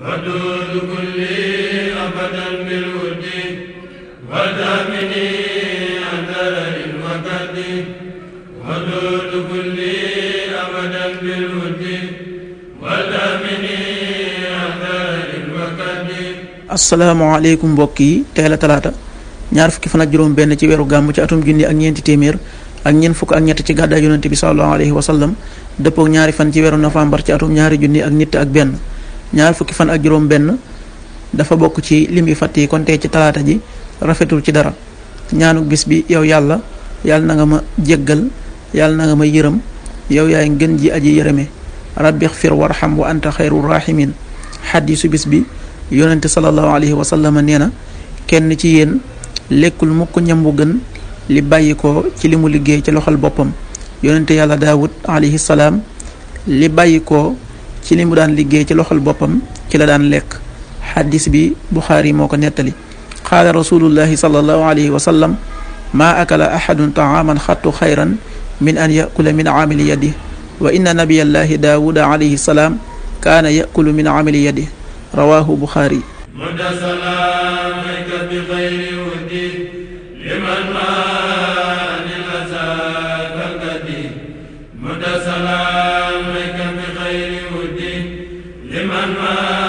ودود كلي أبدا بالود ودامني أثر الوقت ودود كلي أبدا بالود ودامني أثر الوقت السلام عليكم بوكي تهلا ثلاثة ñaar fukki fan ak juróom benn ci weeru gàmmu ci atum junni ak ñeenti téeméer ak ñeent fukk ak ñett ci gàddaay yonente bi sallallahu alayhi wa dëppook ñaari fan ci weeru novembre ci atum ñaari junni ak ñett ak benn ñaar fukki fan ak juróom benn dafa bokk ci lim yu fàtt yi ci talaata ji rafetul ci dara ñaanu bis bi yow yàlla yàlla na nga ma jéggal yàlla na nga ma yërëm yow yaay ngën ji aji yërëme rabbi xfir warxam wa anta xayru rahimin xadiisu bis bi yonente salallahu alayhi wa sallama nee na kenn ci yéen lekkul mukk ñam bu gën li bàyyi ko ci li mu liggéey ci loxol boppam yonente yàlla daawud alayhi salaam li bàyyi ko ci li mu daan liggéey ci loxol boppam ci la daan lekk xaddis bi buxaari moo ko nettali qaala rasulullahi sallallahu alayhi wa sallam maa akala ahadun taaman xattu xayran min an yakula min amili yadi wa inna nabiyallahi daawuda alayhi salaam kaana yakulu min amili yadi rawaahu buxaari salaam man